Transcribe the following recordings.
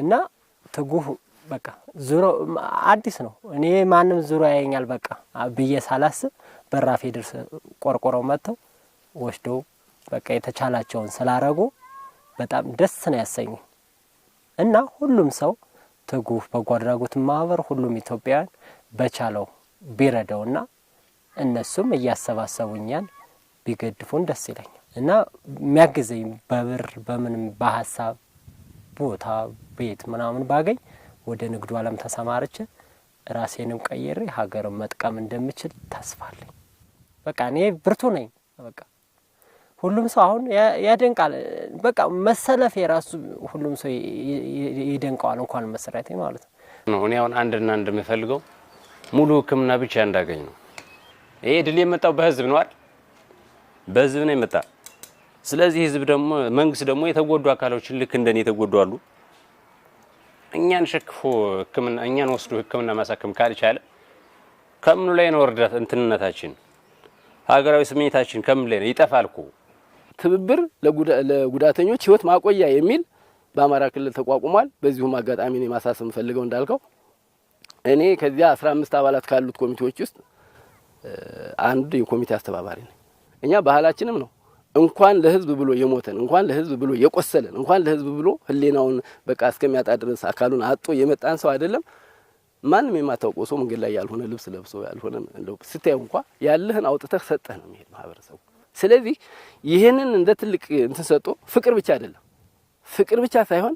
እና ትጉህ በቃ ዙሮ አዲስ ነው። እኔ ማንም ዙሮ ያየኛል በቃ ብዬ ሳላስብ በራፌ ድርስ ቆርቆረው መጥተው ወስደው በቃ የተቻላቸውን ስላረጉ በጣም ደስ ነው ያሰኙ እና ሁሉም ሰው ትጉህ በጎ አድራጎት ማህበር ሁሉም ኢትዮጵያውያን በቻለው ቢረዳውና እነሱም እያሰባሰቡኛል ቢገድፉን ደስ ይለኛል እና የሚያግዘኝ በብር በምንም በሀሳብ ቦታ ቤት ምናምን ባገኝ ወደ ንግዱ አለም ተሰማርቼ ራሴንም ቀይሬ ሀገርን መጥቀም እንደምችል ተስፋ አለኝ። በቃ እኔ ብርቱ ነኝ። በቃ ሁሉም ሰው አሁን ያደንቃል። በቃ መሰለፍ የራሱ ሁሉም ሰው ይደንቀዋል፣ እንኳን መሰራት ማለት ነው። እኔ አሁን አንድና እንደምፈልገው ሙሉ ሕክምና ብቻ እንዳገኝ ነው። ይሄ ድል የመጣው በህዝብ ነው አይደል? በህዝብ ነው የመጣ ስለዚህ ህዝብ ደግሞ መንግስት ደግሞ የተጎዱ አካሎችን ልክ እንደኔ የተጎዱ አሉ። እኛን ሸክፎ ህክምና እኛን ወስዶ ህክምና ማሳከም ካልቻለ ከምኑ ላይ ነው እርዳት እንትንነታችን ሀገራዊ ስሜታችን ከምን ላይ ነው? ይጠፋል እኮ ትብብር ለጉዳተኞች ህይወት ማቆያ የሚል በአማራ ክልል ተቋቁሟል። በዚሁም አጋጣሚ ነው ማሳሰብ ፈልገው እንዳልከው እኔ ከዚያ አምስት አባላት ካሉት ኮሚቴዎች ውስጥ አንድ የኮሚቴ አስተባባሪ ነኝ። እኛ ባህላችንም ነው እንኳን ለህዝብ ብሎ የሞተን እንኳን ለህዝብ ብሎ የቆሰለን እንኳን ለህዝብ ብሎ ህሌናውን በቃ እስከሚያጣ ድረስ አካሉን አጦ የመጣን ሰው አይደለም። ማንም የማታውቀው ሰው መንገድ ላይ ያልሆነ ልብስ ለብሶ ያልሆነ እንደው ስታየው እንኳ ያለህን አውጥተህ ሰጠህ ነው የሚሄድ ማህበረሰቡ። ስለዚህ ይህንን እንደ ትልቅ እንትን ሰጦ ፍቅር ብቻ አይደለም ፍቅር ብቻ ሳይሆን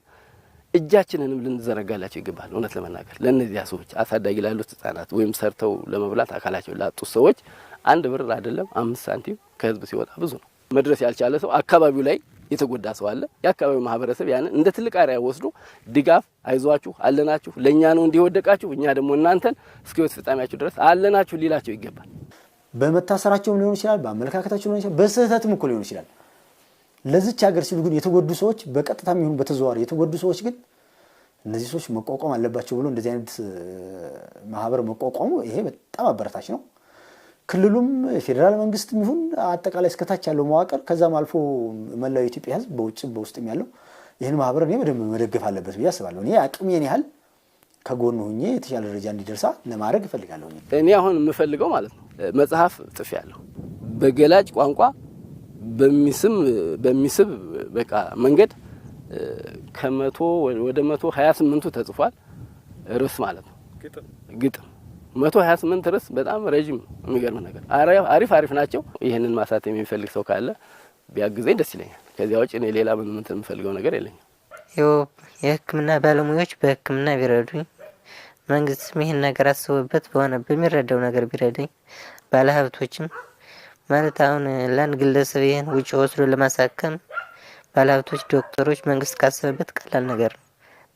እጃችንንም ልንዘረጋላቸው ይገባል። እውነት ለመናገር ለእነዚያ ሰዎች አሳዳጊ ላሉት ህጻናት ወይም ሰርተው ለመብላት አካላቸው ላጡት ሰዎች አንድ ብር አይደለም አምስት ሳንቲም ከህዝብ ሲወጣ ብዙ ነው። መድረስ ያልቻለ ሰው አካባቢው ላይ የተጎዳ ሰው አለ። የአካባቢው ማህበረሰብ ያንን እንደ ትልቅ አርአያ ወስዶ ድጋፍ አይዟችሁ፣ አለናችሁ፣ ለእኛ ነው እንዲወደቃችሁ፣ እኛ ደግሞ እናንተን እስከ ሕይወት ፍጻሜያችሁ ድረስ አለናችሁ ሊላቸው ይገባል። በመታሰራቸውም ሊሆን ይችላል፣ በአመለካከታቸው ሊሆን ይችላል፣ በስህተትም እኮ ሊሆን ይችላል። ለዚች ሀገር ሲሉ ግን የተጎዱ ሰዎች በቀጥታ ይሁን በተዘዋዋሪ የተጎዱ ሰዎች ግን እነዚህ ሰዎች መቋቋም አለባቸው ብሎ እንደዚህ አይነት ማህበር መቋቋሙ ይሄ በጣም አበረታች ነው። ክልሉም ፌዴራል መንግስትም ይሁን አጠቃላይ እስከታች ያለው መዋቅር ከዛም አልፎ መላው የኢትዮጵያ ህዝብ በውጭ በውስጥም ያለው ይህን ማህበር እኔ በደንብ መደገፍ አለበት ብዬ አስባለሁ። እኔ አቅሜን ያህል ከጎኑ ሁኜ የተሻለ ደረጃ እንዲደርሳ ለማድረግ እፈልጋለሁ። እኔ አሁን የምፈልገው ማለት ነው መጽሐፍ ጥፍ ያለሁ በገላጭ ቋንቋ በሚስብ በቃ መንገድ ከመቶ ወደ መቶ ሀያ ስምንቱ ተጽፏል ርዕስ ማለት ነው ግጥም መቶ ሀያ ስምንት ርዕስ በጣም ረዥም የሚገርም ነገር አሪፍ አሪፍ ናቸው። ይህንን ማሳት የሚፈልግ ሰው ካለ ቢያግዘኝ ደስ ይለኛል። ከዚያ ውጭ እኔ ሌላ ምን ምን የምፈልገው ነገር የለኝም። የሕክምና ባለሙያዎች በሕክምና ቢረዱኝ፣ መንግስትም ይህን ነገር አስቦበት በሆነ በሚረዳው ነገር ቢረዳኝ፣ ባለሀብቶችም ማለት አሁን ለአንድ ግለሰብ ይህን ውጭ ወስዶ ለማሳከም ባለሀብቶች፣ ዶክተሮች መንግስት ካሰበበት ቀላል ነገር ነው።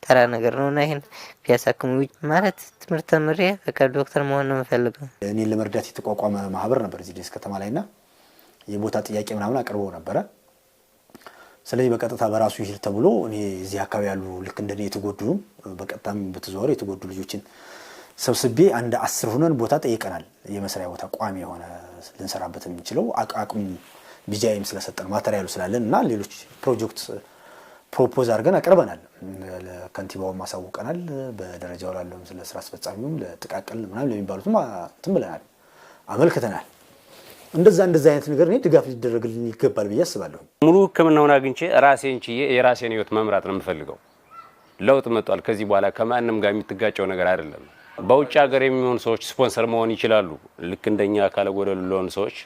ተራ ነገር ነው እና ይህን ቢያሳክሙኝ ማለት ትምህርት ተምሬ በቃ ዶክተር መሆን ነው የምፈልገው። እኔን ለመርዳት የተቋቋመ ማህበር ነበር እዚህ ደስ ከተማ ላይ እና የቦታ ጥያቄ ምናምን አቅርበው ነበረ። ስለዚህ በቀጥታ በራሱ ይሄድ ተብሎ እኔ እዚህ አካባቢ ያሉ ልክ እንደኔ የተጎዱ በቀጥታም በተዘዋወሩ የተጎዱ ልጆችን ሰብስቤ አንድ አስር ሆነን ቦታ ጠይቀናል። የመስሪያ ቦታ ቋሚ የሆነ ልንሰራበት የምንችለው አቅሙ ቢጃይም ስለሰጠን ማተሪያሉ ስላለን እና ሌሎች ፕሮጀክት ፕሮፖዝ አድርገን አቅርበናል። ከንቲባውን ማሳውቀናል። በደረጃው ላለውም ስለ ስራ አስፈጻሚውም ለጥቃቅል ምናምን ለሚባሉትም እንትን ብለናል፣ አመልክተናል። እንደዛ እንደዛ አይነት ነገር እኔ ድጋፍ ሊደረግልን ይገባል ብዬ አስባለሁ። ሙሉ ሕክምናውን አግኝቼ ራሴን ችዬ የራሴን ህይወት መምራት ነው የምፈልገው። ለውጥ መጥቷል። ከዚህ በኋላ ከማንም ጋር የሚትጋጨው ነገር አይደለም። በውጭ ሀገር የሚሆኑ ሰዎች ስፖንሰር መሆን ይችላሉ። ልክ እንደኛ አካለ ጎደሉ ለሆኑ ሰዎች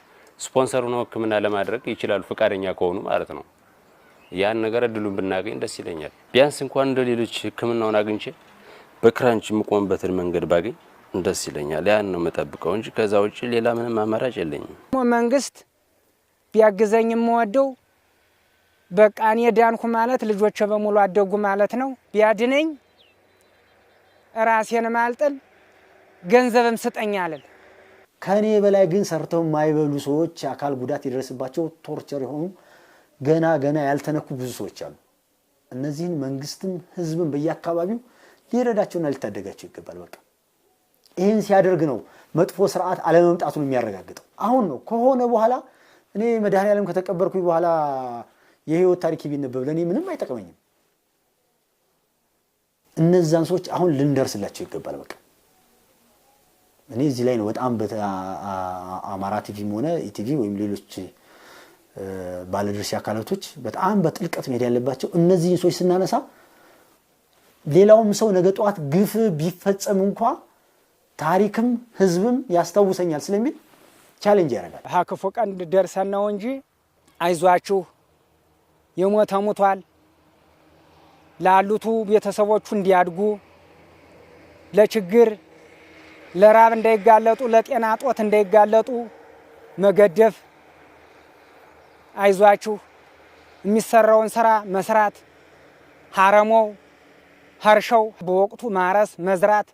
ስፖንሰር ሆነው ሕክምና ለማድረግ ይችላሉ፣ ፈቃደኛ ከሆኑ ማለት ነው። ያን ነገር እድሉን ብናገኝ ደስ ይለኛል። ቢያንስ እንኳን እንደ ሌሎች ሕክምናውን አግኝቼ በክራንች የምቆምበትን መንገድ ባገኝ ደስ ይለኛል። ያን ነው የምጠብቀው እንጂ ከዛ ውጭ ሌላ ምንም አማራጭ የለኝም። መንግስት ቢያግዘኝ የምወደው በቃ እኔ ዳንኩ ማለት ልጆቼ በሙሉ አደጉ ማለት ነው። ቢያድነኝ ራሴን ማልጥን ገንዘብም ስጠኝ አለን። ከእኔ በላይ ግን ሰርተው የማይበሉ ሰዎች አካል ጉዳት የደረስባቸው ቶርቸር የሆኑ ገና ገና ያልተነኩ ብዙ ሰዎች አሉ። እነዚህን መንግስትም ህዝብም በየአካባቢው ሊረዳቸውና ሊታደጋቸው ይገባል። በቃ ይህን ሲያደርግ ነው መጥፎ ስርዓት አለመምጣቱን የሚያረጋግጠው። አሁን ነው ከሆነ በኋላ እኔ መድኃኔዓለም ከተቀበርኩ በኋላ የህይወት ታሪክ ቢነበብ ለእኔ ምንም አይጠቅመኝም። እነዛን ሰዎች አሁን ልንደርስላቸው ይገባል። በቃ እኔ እዚህ ላይ ነው በጣም አማራ ቲቪም ሆነ ኢቲቪ ወይም ሌሎች ባለድርሻ አካላቶች በጣም በጥልቀት መሄድ ያለባቸው እነዚህን ሰዎች ስናነሳ ሌላውም ሰው ነገ ጠዋት ግፍ ቢፈጸም እንኳ ታሪክም ህዝብም ያስታውሰኛል ስለሚል ቻሌንጅ ያደርጋል። ክፉ ቀን ደርሰን ነው እንጂ አይዟችሁ፣ የሞተ ሙቷል፣ ላሉቱ ቤተሰቦቹ እንዲያድጉ ለችግር ለራብ እንዳይጋለጡ፣ ለጤና ጦት እንዳይጋለጡ መገደፍ አይዟችሁ የሚሰራውን ስራ መስራት፣ ሀረሞው ሀርሸው በወቅቱ ማረስ መዝራት፣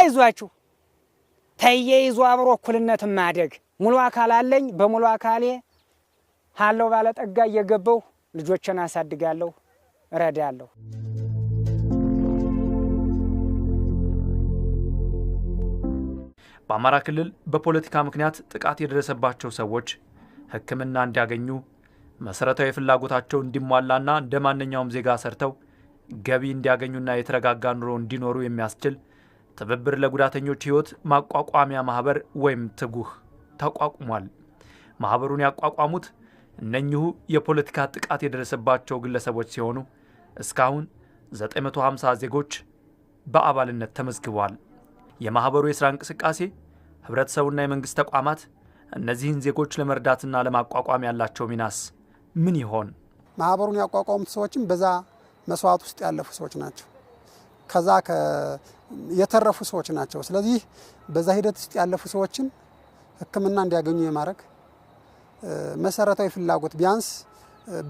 አይዟችሁ ተየይዞ አብሮ እኩልነት ማደግ። ሙሉ አካል አለኝ፣ በሙሉ አካሌ ሀለው ባለጠጋ እየገባሁ ልጆችን አሳድጋለሁ፣ እረዳለሁ። በአማራ ክልል በፖለቲካ ምክንያት ጥቃት የደረሰባቸው ሰዎች ህክምና እንዲያገኙ መሰረታዊ ፍላጎታቸው እንዲሟላና እንደ ማንኛውም ዜጋ ሰርተው ገቢ እንዲያገኙና የተረጋጋ ኑሮ እንዲኖሩ የሚያስችል ትብብር ለጉዳተኞች ሕይወት ማቋቋሚያ ማህበር ወይም ትጉህ ተቋቁሟል። ማህበሩን ያቋቋሙት እነኚሁ የፖለቲካ ጥቃት የደረሰባቸው ግለሰቦች ሲሆኑ እስካሁን 950 ዜጎች በአባልነት ተመዝግበዋል። የማህበሩ የሥራ እንቅስቃሴ ህብረተሰቡና የመንግሥት ተቋማት እነዚህን ዜጎች ለመርዳትና ለማቋቋም ያላቸው ሚናስ ምን ይሆን? ማህበሩን ያቋቋሙት ሰዎችም በዛ መስዋዕት ውስጥ ያለፉ ሰዎች ናቸው። ከዛ የተረፉ ሰዎች ናቸው። ስለዚህ በዛ ሂደት ውስጥ ያለፉ ሰዎችን ሕክምና እንዲያገኙ የማድረግ መሰረታዊ ፍላጎት ቢያንስ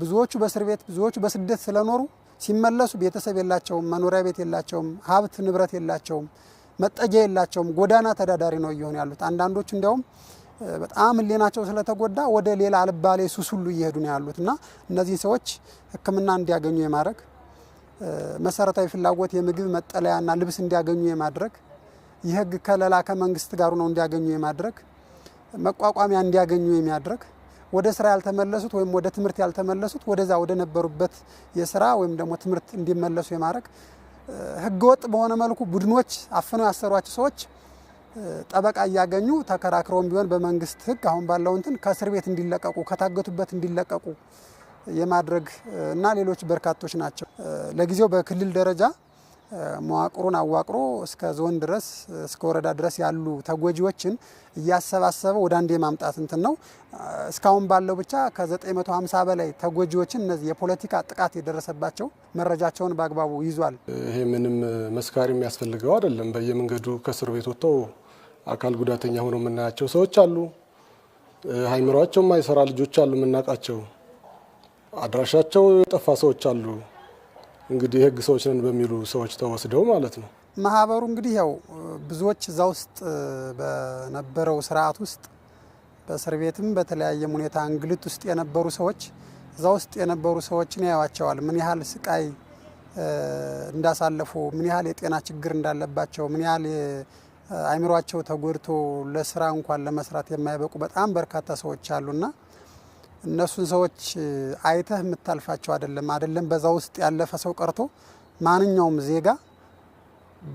ብዙዎቹ በእስር ቤት ብዙዎቹ በስደት ስለኖሩ ሲመለሱ ቤተሰብ የላቸውም፣ መኖሪያ ቤት የላቸውም፣ ሀብት ንብረት የላቸውም፣ መጠጊያ የላቸውም። ጎዳና ተዳዳሪ ነው እየሆኑ ያሉት አንዳንዶቹ እንዲያውም በጣም ሕሊናቸው ስለተጎዳ ወደ ሌላ አልባሌ ሱስ ሁሉ እየሄዱ ነው ያሉት እና እነዚህ ሰዎች ህክምና እንዲያገኙ የማድረግ መሰረታዊ ፍላጎት የምግብ መጠለያና ልብስ እንዲያገኙ የማድረግ የህግ ከለላ ከመንግስት ጋር ነው እንዲያገኙ የማድረግ መቋቋሚያ እንዲያገኙ የሚያድረግ ወደ ስራ ያልተመለሱት ወይም ወደ ትምህርት ያልተመለሱት ወደዛ ወደ ነበሩበት የስራ ወይም ደግሞ ትምህርት እንዲመለሱ የማድረግ ህገወጥ በሆነ መልኩ ቡድኖች አፍነው ያሰሯቸው ሰዎች ጠበቃ እያገኙ ተከራክረውም ቢሆን በመንግስት ህግ አሁን ባለው እንትን ከእስር ቤት እንዲለቀቁ ከታገቱበት እንዲለቀቁ የማድረግ እና ሌሎች በርካቶች ናቸው። ለጊዜው በክልል ደረጃ መዋቅሩን አዋቅሮ እስከ ዞን ድረስ እስከ ወረዳ ድረስ ያሉ ተጎጂዎችን እያሰባሰበ ወደ አንድ የማምጣት እንትን ነው። እስካሁን ባለው ብቻ ከ950 በላይ ተጎጂዎችን እነዚህ የፖለቲካ ጥቃት የደረሰባቸው መረጃቸውን በአግባቡ ይዟል። ይሄ ምንም መስካሪ የሚያስፈልገው አይደለም። በየመንገዱ ከእስር ቤት ወጥተው አካል ጉዳተኛ ሆኖ የምናያቸው ሰዎች አሉ። አይምሯቸው ማይሰራ ልጆች አሉ የምናውቃቸው። አድራሻቸው የጠፋ ሰዎች አሉ። እንግዲህ የህግ ሰዎች ነን በሚሉ ሰዎች ተወስደው ማለት ነው። ማህበሩ እንግዲህ ያው ብዙዎች እዛ ውስጥ በነበረው ስርዓት ውስጥ በእስር ቤትም በተለያየም ሁኔታ እንግልት ውስጥ የነበሩ ሰዎች እዛ ውስጥ የነበሩ ሰዎችን ያዩቸዋል ምን ያህል ስቃይ እንዳሳለፉ፣ ምን ያህል የጤና ችግር እንዳለባቸው፣ ምን ያህል አይምሯቸው ተጎድቶ ለስራ እንኳን ለመስራት የማይበቁ በጣም በርካታ ሰዎች አሉና እነሱን ሰዎች አይተህ የምታልፋቸው አይደለም አይደለም በዛ ውስጥ ያለፈ ሰው ቀርቶ ማንኛውም ዜጋ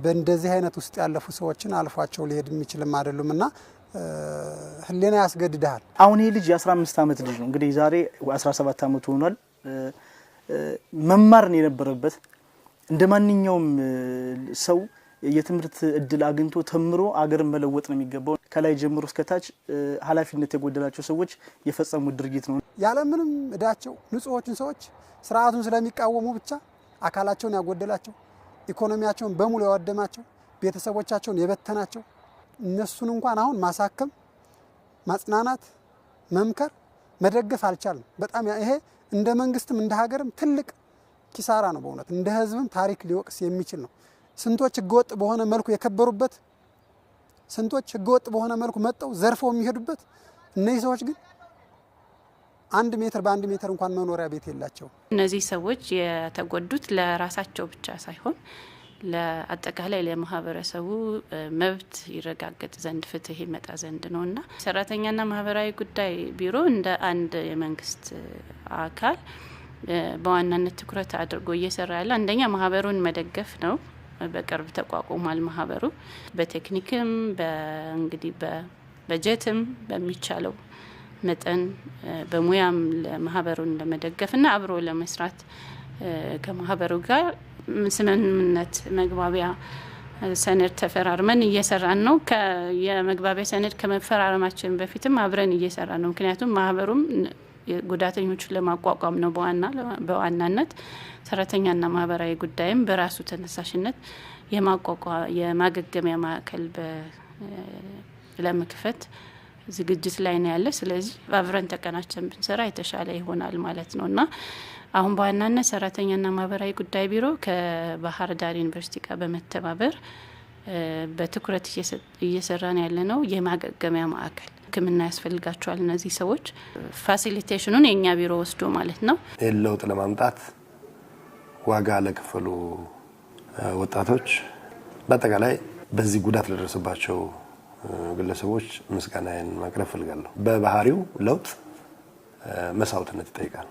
በእንደዚህ አይነት ውስጥ ያለፉ ሰዎችን አልፏቸው ሊሄድ የሚችልም አይደሉም እና ህሊና ያስገድድሃል። አሁን ይህ ልጅ የ15 ዓመት ልጅ ነው እንግዲህ ዛሬ 17 ዓመቱ ሆኗል። መማርን የነበረበት እንደ ማንኛውም ሰው የትምህርት እድል አግኝቶ ተምሮ አገርን መለወጥ ነው የሚገባው። ከላይ ጀምሮ እስከታች ኃላፊነት የጎደላቸው ሰዎች የፈጸሙት ድርጊት ነው። ያለምንም እዳቸው ንጹሖችን ሰዎች ስርዓቱን ስለሚቃወሙ ብቻ አካላቸውን ያጎደላቸው፣ ኢኮኖሚያቸውን በሙሉ ያወደማቸው፣ ቤተሰቦቻቸውን የበተናቸው እነሱን እንኳን አሁን ማሳከም፣ ማጽናናት፣ መምከር፣ መደገፍ አልቻልም። በጣም ይሄ እንደ መንግስትም እንደ ሀገርም ትልቅ ኪሳራ ነው። በእውነት እንደ ህዝብም ታሪክ ሊወቅስ የሚችል ነው። ስንቶች ህገወጥ በሆነ መልኩ የከበሩበት፣ ስንቶች ህገወጥ በሆነ መልኩ መጠው ዘርፈው የሚሄዱበት። እነዚህ ሰዎች ግን አንድ ሜትር በአንድ ሜትር እንኳን መኖሪያ ቤት የላቸው። እነዚህ ሰዎች የተጎዱት ለራሳቸው ብቻ ሳይሆን ለአጠቃላይ ለማህበረሰቡ መብት ይረጋገጥ ዘንድ ፍትህ ይመጣ ዘንድ ነው እና ሰራተኛና ማህበራዊ ጉዳይ ቢሮ እንደ አንድ የመንግስት አካል በዋናነት ትኩረት አድርጎ እየሰራ ያለ አንደኛ ማህበሩን መደገፍ ነው። በቅርብ ተቋቁሟል ማህበሩ። በቴክኒክም እንግዲህ በበጀትም በሚቻለው መጠን በሙያም ለማህበሩን ለመደገፍና አብሮ ለመስራት ከማህበሩ ጋር ስምምነት መግባቢያ ሰነድ ተፈራርመን እየሰራን ነው። የመግባቢያ ሰነድ ከመፈራረማችን በፊትም አብረን እየሰራን ነው። ምክንያቱም ማህበሩም ጉዳተኞቹን ለማቋቋም ነው በዋና በዋናነት ሰራተኛና ማህበራዊ ጉዳይም በራሱ ተነሳሽነት የማቋቋ የማገገሚያ ማዕከል ለመክፈት ዝግጅት ላይ ነው ያለ። ስለዚህ አብረን ተቀናቸን ብንሰራ የተሻለ ይሆናል ማለት ነው እና አሁን በዋናነት ሰራተኛና ማህበራዊ ጉዳይ ቢሮ ከባህር ዳር ዩኒቨርሲቲ ጋር በመተባበር በትኩረት እየሰራን ያለ ነው የማገገሚያ ማዕከል ህክምና ያስፈልጋቸዋል። እነዚህ ሰዎች ፋሲሊቴሽኑን የእኛ ቢሮ ወስዶ ማለት ነው። ይህን ለውጥ ለማምጣት ዋጋ ለክፈሉ ወጣቶች፣ በአጠቃላይ በዚህ ጉዳት ለደረሰባቸው ግለሰቦች ምስጋናዬን ማቅረብ ፈልጋለሁ። በባህሪው ለውጥ መሳውትነት ይጠይቃል።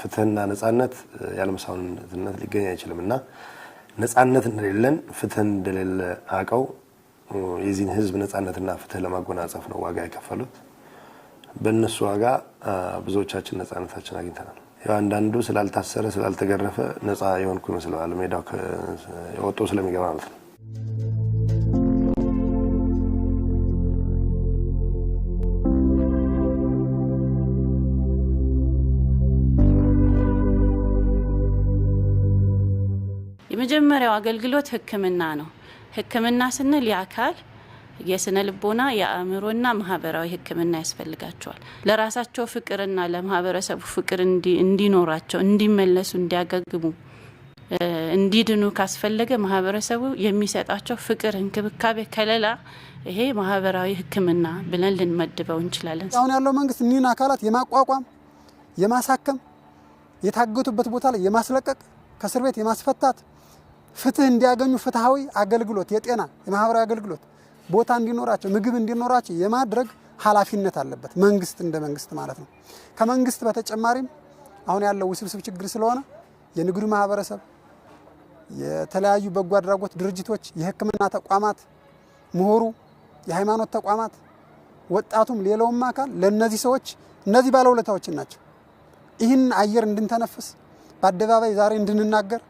ፍትህና ነጻነት ያለ መስዋዕትነት ሊገኝ አይችልም እና ነጻነት እንደሌለን ፍትህ እንደሌለ አውቀው የዚህን ህዝብ ነፃነትና ፍትህ ለማጎናጸፍ ነው ዋጋ የከፈሉት። በእነሱ ዋጋ ብዙዎቻችን ነፃነታችን አግኝተናል። ያው አንዳንዱ ስላልታሰረ ስላልተገረፈ ነፃ የሆንኩ ይመስለዋል። ሜዳው ወጦ ስለሚገባ ማለት ነው። የመጀመሪያው አገልግሎት ህክምና ነው። ህክምና ስንል የአካል የስነ ልቦና የአእምሮና ማህበራዊ ህክምና ያስፈልጋቸዋል። ለራሳቸው ፍቅርና ለማህበረሰቡ ፍቅር እንዲኖራቸው፣ እንዲመለሱ፣ እንዲያገግሙ፣ እንዲድኑ ካስፈለገ ማህበረሰቡ የሚሰጣቸው ፍቅር፣ እንክብካቤ፣ ከለላ ይሄ ማህበራዊ ህክምና ብለን ልንመድበው እንችላለን። አሁን ያለው መንግስት እኒህን አካላት የማቋቋም የማሳከም የታገቱበት ቦታ ላይ የማስለቀቅ ከእስር ቤት የማስፈታት ፍትህ እንዲያገኙ ፍትሐዊ አገልግሎት፣ የጤና የማህበራዊ አገልግሎት ቦታ እንዲኖራቸው፣ ምግብ እንዲኖራቸው የማድረግ ኃላፊነት አለበት መንግስት እንደ መንግስት ማለት ነው። ከመንግስት በተጨማሪም አሁን ያለው ውስብስብ ችግር ስለሆነ የንግዱ ማህበረሰብ፣ የተለያዩ በጎ አድራጎት ድርጅቶች፣ የህክምና ተቋማት፣ ምሁሩ፣ የሃይማኖት ተቋማት፣ ወጣቱም ሌላውም አካል ለእነዚህ ሰዎች እነዚህ ባለውለታዎችን ናቸው። ይህን አየር እንድንተነፍስ በአደባባይ ዛሬ እንድንናገር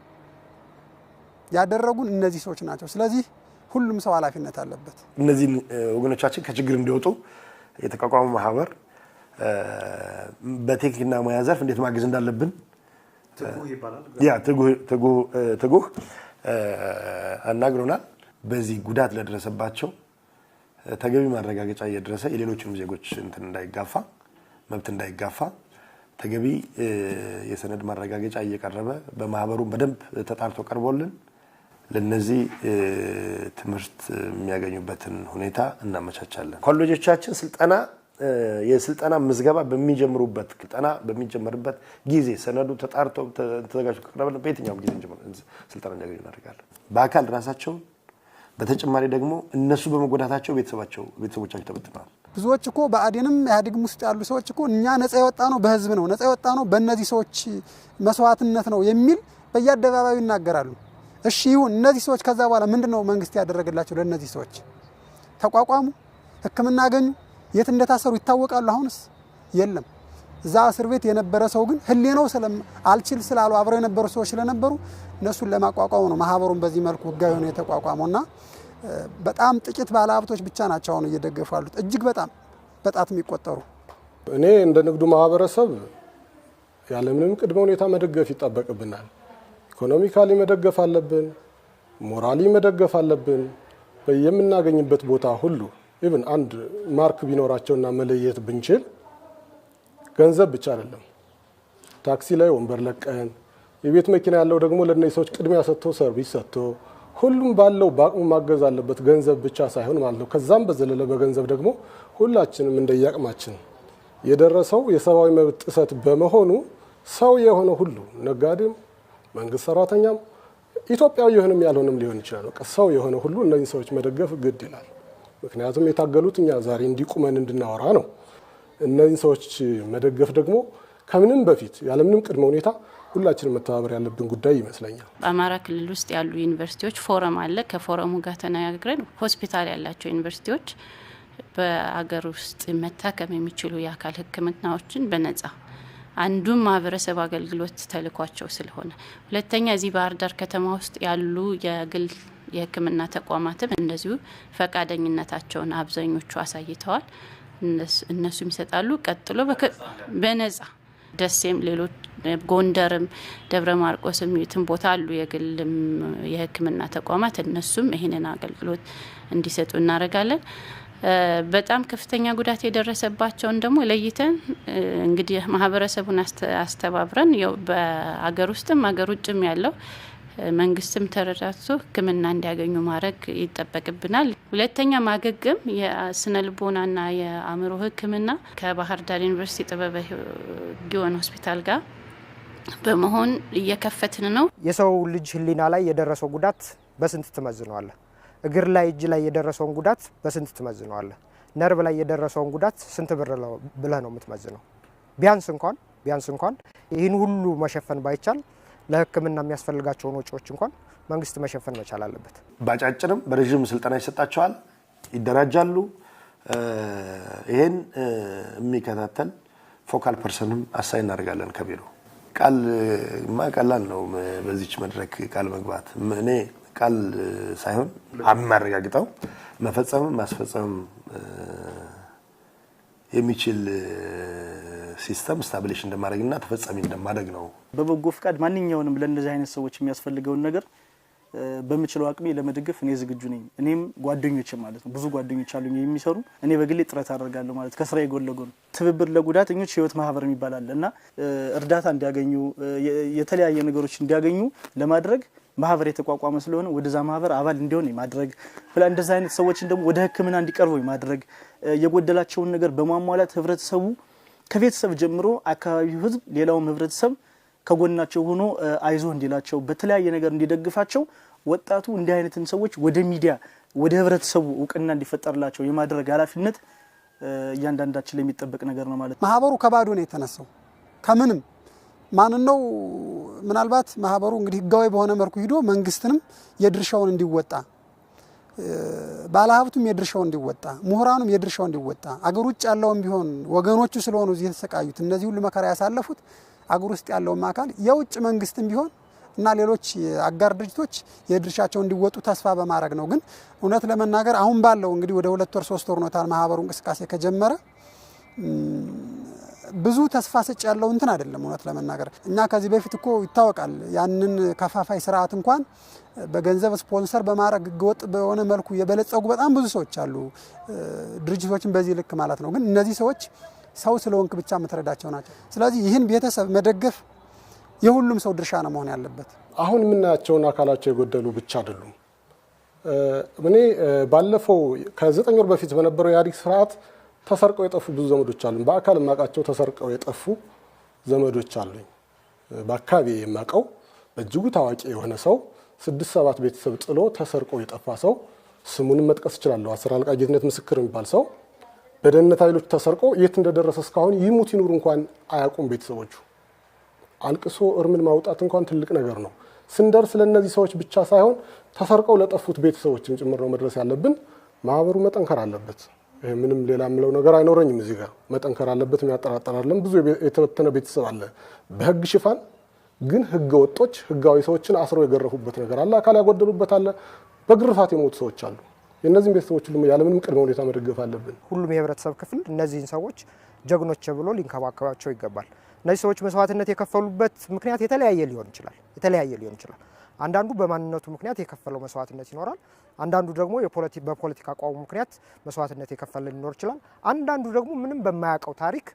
ያደረጉን እነዚህ ሰዎች ናቸው። ስለዚህ ሁሉም ሰው ኃላፊነት አለበት። እነዚህን ወገኖቻችን ከችግር እንዲወጡ የተቋቋመ ማህበር በቴክኒክና ሙያ ዘርፍ እንዴት ማገዝ እንዳለብን ትጉህ አናግሮናል። በዚህ ጉዳት ለደረሰባቸው ተገቢ ማረጋገጫ እየደረሰ የሌሎችንም ዜጎች እንትን እንዳይጋፋ መብት እንዳይጋፋ ተገቢ የሰነድ ማረጋገጫ እየቀረበ በማህበሩም በደንብ ተጣርቶ ቀርቦልን ለነዚህ ትምህርት የሚያገኙበትን ሁኔታ እናመቻቻለን። ኮሌጆቻችን ስልጠና የስልጠና ምዝገባ በሚጀምሩበት ስልጠና በሚጀመርበት ጊዜ ሰነዱ ተጣርቶ ተዘጋጅቶ ከቀረበ በየትኛውም ጊዜ ስልጠና እንዲያገኙ እናደርጋለን። በአካል ራሳቸውን በተጨማሪ ደግሞ እነሱ በመጎዳታቸው ቤተሰባቸው ቤተሰቦቻቸው ተበትነዋል። ብዙዎች እኮ በአዴንም ኢህአዴግም ውስጥ ያሉ ሰዎች እኮ እኛ ነጻ የወጣ ነው በህዝብ ነው ነጻ የወጣ ነው በእነዚህ ሰዎች መስዋዕትነት ነው የሚል በየአደባባዩ ይናገራሉ። እሺ ይሁን። እነዚህ ሰዎች ከዛ በኋላ ምንድነው መንግስት ያደረገላቸው? ለእነዚህ ሰዎች ተቋቋሙ፣ ህክምና አገኙ። የት እንደታሰሩ ይታወቃሉ። አሁንስ የለም። እዛ እስር ቤት የነበረ ሰው ግን ህሊናው ስለም አልችል ስላሉ አብረው የነበሩ ሰዎች ስለነበሩ እነሱን ለማቋቋሙ ነው ማህበሩን በዚህ መልኩ ህጋዊ የተቋቋመው እና በጣም ጥቂት ባለሀብቶች ብቻ ናቸው አሁን እየደገፉ ያሉት እጅግ በጣም በጣት የሚቆጠሩ። እኔ እንደ ንግዱ ማህበረሰብ ያለምንም ቅድመ ሁኔታ መደገፍ ይጠበቅብናል። ኢኮኖሚካሊ መደገፍ አለብን፣ ሞራሊ መደገፍ አለብን። የምናገኝበት ቦታ ሁሉ ኢቭን አንድ ማርክ ቢኖራቸውና መለየት ብንችል ገንዘብ ብቻ አይደለም። ታክሲ ላይ ወንበር ለቀን የቤት መኪና ያለው ደግሞ ለነዚህ ሰዎች ቅድሚያ ሰጥቶ ሰርቪስ ሰጥቶ ሁሉም ባለው በአቅሙ ማገዝ አለበት፣ ገንዘብ ብቻ ሳይሆን ማለት ነው። ከዛም በዘለለ በገንዘብ ደግሞ ሁላችንም እንደየአቅማችን የደረሰው የሰብአዊ መብት ጥሰት በመሆኑ ሰው የሆነ ሁሉ ነጋዴም መንግስት ሰራተኛም ኢትዮጵያዊ የሆነም ያልሆንም ሊሆን ይችላል። በቃ ሰው የሆነ ሁሉ እነዚህ ሰዎች መደገፍ ግድ ይላል። ምክንያቱም የታገሉት እኛ ዛሬ እንዲቁመን እንድናወራ ነው። እነዚህ ሰዎች መደገፍ ደግሞ ከምንም በፊት ያለምንም ቅድመ ሁኔታ ሁላችንም መተባበር ያለብን ጉዳይ ይመስለኛል። በአማራ ክልል ውስጥ ያሉ ዩኒቨርሲቲዎች ፎረም አለ። ከፎረሙ ጋር ተነጋግረን ሆስፒታል ያላቸው ዩኒቨርሲቲዎች በአገር ውስጥ መታከም የሚችሉ የአካል ሕክምናዎችን በነጻ አንዱም ማህበረሰብ አገልግሎት ተልኳቸው ስለሆነ፣ ሁለተኛ እዚህ ባህር ዳር ከተማ ውስጥ ያሉ የግል የሕክምና ተቋማትም እንደዚሁ ፈቃደኝነታቸውን አብዛኞቹ አሳይተዋል። እነሱም ይሰጣሉ። ቀጥሎ በነጻ ደሴም፣ ሌሎች ጎንደርም፣ ደብረ ማርቆስም የትም ቦታ አሉ የግልም የሕክምና ተቋማት እነሱም ይህንን አገልግሎት እንዲሰጡ እናደርጋለን። በጣም ከፍተኛ ጉዳት የደረሰባቸውን ደግሞ ለይተን እንግዲህ ማህበረሰቡን አስተባብረን በአገር ውስጥም አገር ውጭም ያለው መንግስትም ተረዳቶ ሕክምና እንዲያገኙ ማድረግ ይጠበቅብናል። ሁለተኛ ማገገም የስነ ልቦናና የአእምሮ ሕክምና ከባህር ዳር ዩኒቨርሲቲ ጥበበ ግዮን ሆስፒታል ጋር በመሆን እየከፈትን ነው። የሰው ልጅ ህሊና ላይ የደረሰው ጉዳት በስንት ትመዝነዋለህ? እግር ላይ እጅ ላይ የደረሰውን ጉዳት በስንት ትመዝነዋለ ነርቭ ላይ የደረሰውን ጉዳት ስንት ብር ብለ ነው የምትመዝነው? ቢያንስ እንኳን ቢያንስ እንኳን ይህን ሁሉ መሸፈን ባይቻል ለሕክምና የሚያስፈልጋቸውን ወጪዎች እንኳን መንግስት መሸፈን መቻል አለበት። በአጫጭርም በረዥም ስልጠና ይሰጣቸዋል፣ ይደራጃሉ። ይህን የሚከታተል ፎካል ፐርሰንም አሳይ እናደርጋለን ከቢሮ ቃል ማ ቀላል ነው በዚች መድረክ ቃል መግባት እኔ ቃል ሳይሆን አማረጋግጠው መፈጸምም ማስፈጸምም የሚችል ሲስተም ስታብሊሽ እንደማድረግና ተፈጻሚ እንደማድረግ ነው። በበጎ ፍቃድ ማንኛውንም ለእነዚህ አይነት ሰዎች የሚያስፈልገውን ነገር በምችለው አቅሜ ለመደገፍ እኔ ዝግጁ ነኝ። እኔም ጓደኞች ማለት ነው ብዙ ጓደኞች አሉኝ የሚሰሩ። እኔ በግሌ ጥረት አደርጋለሁ ማለት ከስራ የጎለጎ ነው። ትብብር ለጉዳተኞች ህይወት ማህበር የሚባል አለ እና እርዳታ እንዲያገኙ የተለያየ ነገሮች እንዲያገኙ ለማድረግ ማህበር የተቋቋመ ስለሆነ ወደዛ ማህበር አባል እንዲሆን የማድረግ ብላ እንደዛ አይነት ሰዎችን ደግሞ ወደ ሕክምና እንዲቀርቡ የማድረግ የጎደላቸውን ነገር በማሟላት ህብረተሰቡ ከቤተሰብ ጀምሮ አካባቢው ህዝብ ሌላውም ህብረተሰብ ከጎናቸው ሆኖ አይዞ እንዲላቸው በተለያየ ነገር እንዲደግፋቸው ወጣቱ እንዲህ አይነትን ሰዎች ወደ ሚዲያ ወደ ህብረተሰቡ እውቅና እንዲፈጠርላቸው የማድረግ ኃላፊነት እያንዳንዳችን ላይ የሚጠበቅ ነገር ነው ማለት ነው። ማህበሩ ከባዶ ነው የተነሳው ከምንም ማን ነው ምናልባት ማህበሩ እንግዲህ ህጋዊ በሆነ መልኩ ሂዶ መንግስትንም የድርሻውን እንዲወጣ ባለሀብቱም የድርሻው እንዲወጣ ምሁራኑም የድርሻው እንዲወጣ አገር ውጭ ያለውም ቢሆን ወገኖቹ ስለሆኑ እዚህ የተሰቃዩት እነዚህ ሁሉ መከራ ያሳለፉት አገር ውስጥ ያለውም አካል የውጭ መንግስትም ቢሆን እና ሌሎች አጋር ድርጅቶች የድርሻቸው እንዲወጡ ተስፋ በማድረግ ነው። ግን እውነት ለመናገር አሁን ባለው እንግዲህ ወደ ሁለት ወር ሶስት ወር ሆኖታል ማህበሩ እንቅስቃሴ ከጀመረ ብዙ ተስፋ ሰጭ ያለው እንትን አይደለም። እውነት ለመናገር እኛ ከዚህ በፊት እኮ ይታወቃል ያንን ከፋፋይ ስርዓት እንኳን በገንዘብ ስፖንሰር በማድረግ ህገወጥ በሆነ መልኩ የበለጸጉ በጣም ብዙ ሰዎች አሉ፣ ድርጅቶችን በዚህ ልክ ማለት ነው። ግን እነዚህ ሰዎች ሰው ስለሆንክ ብቻ የምትረዳቸው ናቸው። ስለዚህ ይህን ቤተሰብ መደገፍ የሁሉም ሰው ድርሻ ነው መሆን ያለበት። አሁን የምናያቸውን አካላቸው የጎደሉ ብቻ አይደሉም። እኔ ባለፈው ከዘጠኝ ወር በፊት በነበረው የኢህአዴግ ስርዓት ተሰርቀው የጠፉ ብዙ ዘመዶች አሉ። በአካል የማውቃቸው ተሰርቀው የጠፉ ዘመዶች አሉኝ። በአካባቢ የማውቀው በእጅጉ ታዋቂ የሆነ ሰው ስድስት ሰባት ቤተሰብ ጥሎ ተሰርቆ የጠፋ ሰው ስሙንም መጥቀስ እችላለሁ። አስር አለቃ ጌትነት ምስክር የሚባል ሰው በደህንነት ኃይሎች ተሰርቆ የት እንደደረሰ እስካሁን ይሙት ይኑር እንኳን አያውቁም። ቤተሰቦቹ አልቅሶ እርምን ማውጣት እንኳን ትልቅ ነገር ነው። ስንደርስ ለእነዚህ ሰዎች ብቻ ሳይሆን ተሰርቀው ለጠፉት ቤተሰቦችም ጭምር ነው መድረስ ያለብን። ማህበሩ መጠንከር አለበት። ይሄ ምንም ሌላ የምለው ነገር አይኖረኝም። እዚህ ጋር መጠንከር አለበት፣ የሚያጠራጠራለን። ብዙ የተበተነ ቤተሰብ አለ። በህግ ሽፋን ግን ህገ ወጦች ህጋዊ ሰዎችን አስረው የገረፉበት ነገር አለ፣ አካል ያጎደሉበት አለ፣ በግርፋት የሞቱ ሰዎች አሉ። የእነዚህን ቤተሰቦች ሁሉም ያለምንም ቅድመ ሁኔታ መደገፍ አለብን። ሁሉም የህብረተሰብ ክፍል እነዚህን ሰዎች ጀግኖች ብሎ ሊንከባከባቸው ይገባል። እነዚህ ሰዎች መስዋዕትነት የከፈሉበት ምክንያት የተለያየ ሊሆን ይችላል የተለያየ ሊሆን ይችላል። አንዳንዱ በማንነቱ ምክንያት የከፈለው መስዋዕትነት ይኖራል። አንዳንዱ ደግሞ በፖለቲካ አቋሙ ምክንያት መስዋዕትነት የከፈለ ሊኖር ይችላል። አንዳንዱ ደግሞ ምንም በማያውቀው ታሪክ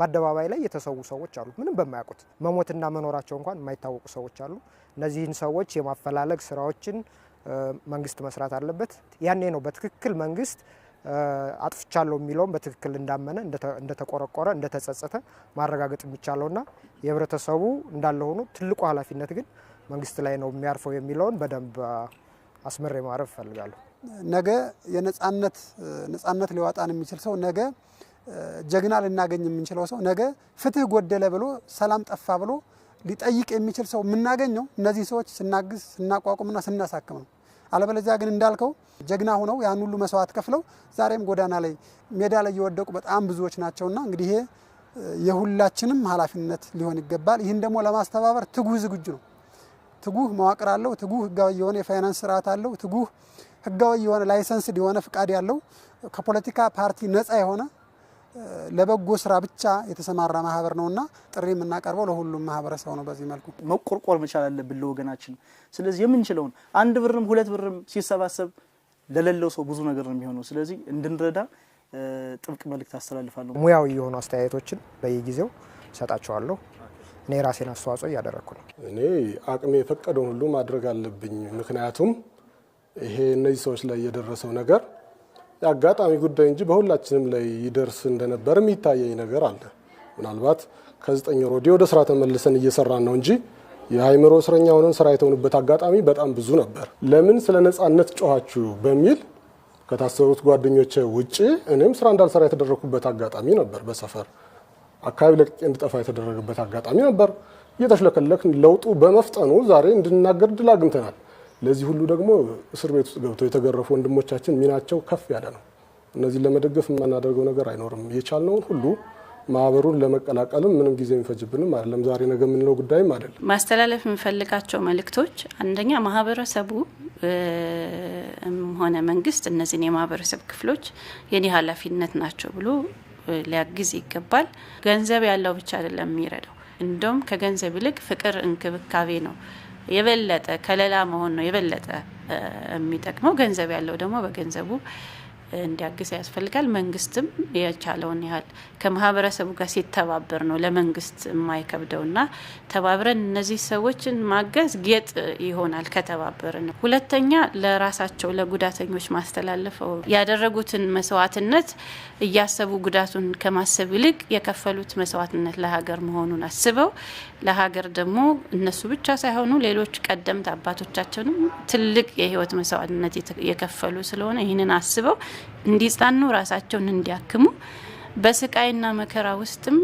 በአደባባይ ላይ የተሰዉ ሰዎች አሉ። ምንም በማያውቁት መሞትና መኖራቸው እንኳን የማይታወቁ ሰዎች አሉ። እነዚህን ሰዎች የማፈላለግ ስራዎችን መንግስት መስራት አለበት። ያኔ ነው በትክክል መንግስት አጥፍቻለሁ የሚለውን በትክክል እንዳመነ እንደተቆረቆረ እንደተጸጸተ ማረጋገጥ የሚቻለውና የህብረተሰቡ እንዳለ ሆኖ ትልቁ ኃላፊነት ግን መንግስት ላይ ነው የሚያርፈው የሚለውን በደንብ አስምሬ ማረፍ እፈልጋለሁ። ነገ የነጻነት ነጻነት ሊዋጣን የሚችል ሰው ነገ ጀግና ልናገኝ የምንችለው ሰው ነገ ፍትህ ጎደለ ብሎ ሰላም ጠፋ ብሎ ሊጠይቅ የሚችል ሰው የምናገኘው እነዚህ ሰዎች ስናግዝ ስናቋቁምና ስናሳክም ነው። አለበለዚያ ግን እንዳልከው ጀግና ሆነው ያን ሁሉ መስዋዕት ከፍለው ዛሬም ጎዳና ላይ ሜዳ ላይ የወደቁ በጣም ብዙዎች ናቸውና እንግዲህ ይሄ የሁላችንም ኃላፊነት ሊሆን ይገባል። ይህን ደግሞ ለማስተባበር ትጉህ ዝግጁ ነው። ትጉህ መዋቅር አለው። ትጉህ ህጋዊ የሆነ የፋይናንስ ስርዓት አለው። ትጉህ ህጋዊ የሆነ ላይሰንስ የሆነ ፍቃድ ያለው ከፖለቲካ ፓርቲ ነጻ የሆነ ለበጎ ስራ ብቻ የተሰማራ ማህበር ነውና ጥሪ የምናቀርበው ለሁሉም ማህበረሰብ ነው። በዚህ መልኩ መቆርቆር መቻል አለብን ለወገናችን። ስለዚህ የምንችለውን አንድ ብርም ሁለት ብርም ሲሰባሰብ ለሌለው ሰው ብዙ ነገር ነው የሚሆነው። ስለዚህ እንድንረዳ ጥብቅ መልእክት አስተላልፋለሁ። ሙያዊ የሆኑ አስተያየቶችን በየጊዜው እሰጣቸዋለሁ። እኔ ራሴን አስተዋጽኦ እያደረግኩ ነው። እኔ አቅሜ የፈቀደውን ሁሉ ማድረግ አለብኝ። ምክንያቱም ይሄ እነዚህ ሰዎች ላይ የደረሰው ነገር የአጋጣሚ ጉዳይ እንጂ በሁላችንም ላይ ይደርስ እንደነበር የሚታየኝ ነገር አለ። ምናልባት ከዘጠኝ ወር ወዲህ ወደ ስራ ተመልሰን እየሰራን ነው እንጂ የአይምሮ እስረኛ ሆነን ስራ የተሆኑበት አጋጣሚ በጣም ብዙ ነበር። ለምን ስለ ነጻነት ጮኋችሁ በሚል ከታሰሩት ጓደኞች ውጭ እኔም ስራ እንዳልሰራ የተደረግኩበት አጋጣሚ ነበር። በሰፈር አካባቢ ለቅቄ እንድጠፋ የተደረገበት አጋጣሚ ነበር። እየተሽለከለክ ለውጡ በመፍጠኑ ዛሬ እንድናገር ድል አግኝተናል። ለዚህ ሁሉ ደግሞ እስር ቤት ውስጥ ገብተው የተገረፉ ወንድሞቻችን ሚናቸው ከፍ ያለ ነው። እነዚህን ለመደገፍ የማናደርገው ነገር አይኖርም። የቻልነውን ሁሉ ማህበሩን ለመቀላቀልም ምንም ጊዜ የሚፈጅብንም አይደለም። ዛሬ ነገ የምንለው ጉዳይም አይደለም። ማስተላለፍ የምንፈልጋቸው መልእክቶች አንደኛ ማህበረሰቡ ሆነ መንግስት እነዚህን የማህበረሰብ ክፍሎች የኔ ኃላፊነት ናቸው ብሎ ሊያግዝ ይገባል። ገንዘብ ያለው ብቻ አይደለም የሚረዳው፣ እንደውም ከገንዘብ ይልቅ ፍቅር፣ እንክብካቤ ነው የበለጠ ከለላ መሆን ነው የበለጠ የሚጠቅመው። ገንዘብ ያለው ደግሞ በገንዘቡ እንዲያግዝ ያስፈልጋል። መንግስትም የቻለውን ያህል ከማህበረሰቡ ጋር ሲተባበር ነው ለመንግስት የማይከብደውና ተባብረን እነዚህ ሰዎችን ማገዝ ጌጥ ይሆናል ከተባበር ነው። ሁለተኛ ለራሳቸው ለጉዳተኞች ማስተላለፈው ያደረጉትን መስዋዕትነት እያሰቡ ጉዳቱን ከማሰብ ይልቅ የከፈሉት መስዋዕትነት ለሀገር መሆኑን አስበው ለሀገር ደግሞ እነሱ ብቻ ሳይሆኑ ሌሎች ቀደምት አባቶቻቸውንም ትልቅ የህይወት መስዋዕትነት የከፈሉ ስለሆነ ይህንን አስበው እንዲጸኑ ራሳቸውን እንዲያክሙ በስቃይና መከራ ውስጥም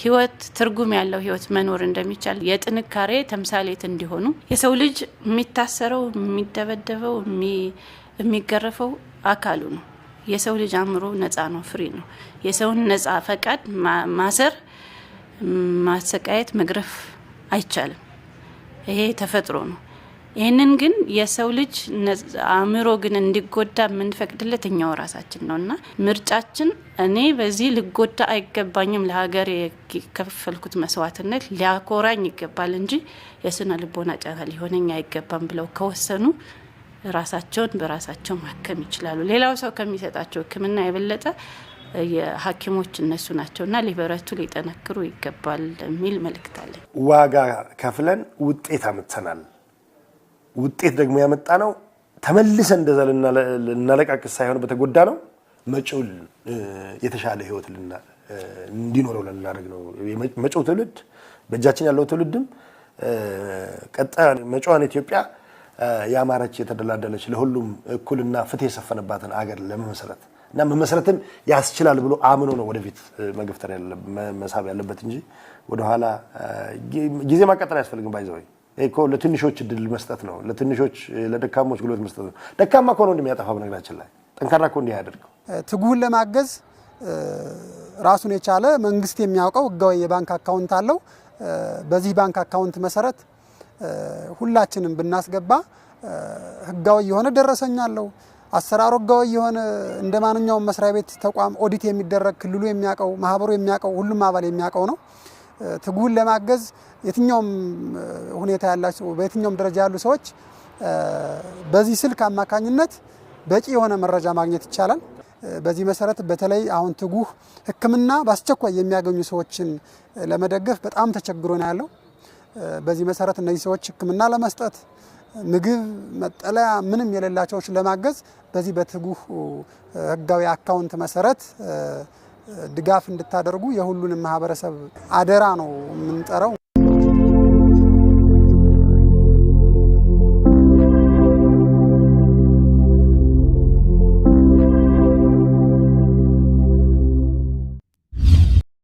ህይወት ትርጉም ያለው ህይወት መኖር እንደሚቻል የጥንካሬ ተምሳሌት እንዲሆኑ የሰው ልጅ የሚታሰረው፣ የሚደበደበው፣ የሚገረፈው አካሉ ነው። የሰው ልጅ አእምሮ ነጻ ነው፣ ፍሪ ነው። የሰውን ነጻ ፈቃድ ማሰር፣ ማሰቃየት፣ መግረፍ አይቻልም። ይሄ ተፈጥሮ ነው። ይህንን ግን የሰው ልጅ አእምሮ ግን እንዲጎዳ የምንፈቅድለት እኛው ራሳችን ነው እና ምርጫችን እኔ በዚህ ልጎዳ አይገባኝም፣ ለሀገር የከፈልኩት መስዋዕትነት ሊያኮራኝ ይገባል እንጂ የስነ ልቦና ጫና ሊሆነኝ አይገባም ብለው ከወሰኑ ራሳቸውን በራሳቸው ማከም ይችላሉ። ሌላው ሰው ከሚሰጣቸው ሕክምና የበለጠ የሐኪሞች እነሱ ናቸው እና ሊበረቱ ሊጠነክሩ ይገባል የሚል መልእክት አለን። ዋጋ ከፍለን ውጤት አምጥተናል። ውጤት ደግሞ ያመጣ ነው ተመልሰን እንደዛ ልናለቃቅስ ሳይሆን በተጎዳ ነው መጪው የተሻለ ህይወት እንዲኖረው ልናደርግ ነው። መጪው ትውልድ በእጃችን ያለው ትውልድም ቀጣይ መጪዋን ኢትዮጵያ ያማረች የተደላደለች ለሁሉም እኩልና ፍትህ የሰፈነባትን አገር ለመመስረት እና መመስረትም ያስችላል ብሎ አምኖ ነው ወደፊት መገፍተር መሳብ ያለበት እንጂ ወደኋላ ጊዜ ማቃጠል አያስፈልግም ባይዘወይ ለትንሾች እድል መስጠት ነው። ለትንሾች ለደካሞች ጉልበት መስጠት ነው። ደካማ ከሆነ እንደሚያጠፋ በነገራችን ላይ ጠንካራ ከሆነ እንዲህ አያደርገው። ትጉህን ለማገዝ ራሱን የቻለ መንግስት የሚያውቀው ህጋዊ የባንክ አካውንት አለው። በዚህ ባንክ አካውንት መሰረት ሁላችንም ብናስገባ ህጋዊ የሆነ ደረሰኛ አለው። አሰራሩ ህጋዊ የሆነ እንደ ማንኛውም መስሪያ ቤት ተቋም ኦዲት የሚደረግ ክልሉ የሚያውቀው ማህበሩ የሚያውቀው ሁሉም አባል የሚያውቀው ነው። ትጉህን ለማገዝ የትኛውም ሁኔታ ያላቸው በየትኛውም ደረጃ ያሉ ሰዎች በዚህ ስልክ አማካኝነት በቂ የሆነ መረጃ ማግኘት ይቻላል። በዚህ መሰረት በተለይ አሁን ትጉህ ሕክምና በአስቸኳይ የሚያገኙ ሰዎችን ለመደገፍ በጣም ተቸግሮ ነው ያለው። በዚህ መሰረት እነዚህ ሰዎች ሕክምና ለመስጠት ምግብ፣ መጠለያ ምንም የሌላቸውን ለማገዝ በዚህ በትጉህ ሕጋዊ አካውንት መሰረት ድጋፍ እንድታደርጉ የሁሉንም ማህበረሰብ አደራ ነው የምንጠራው።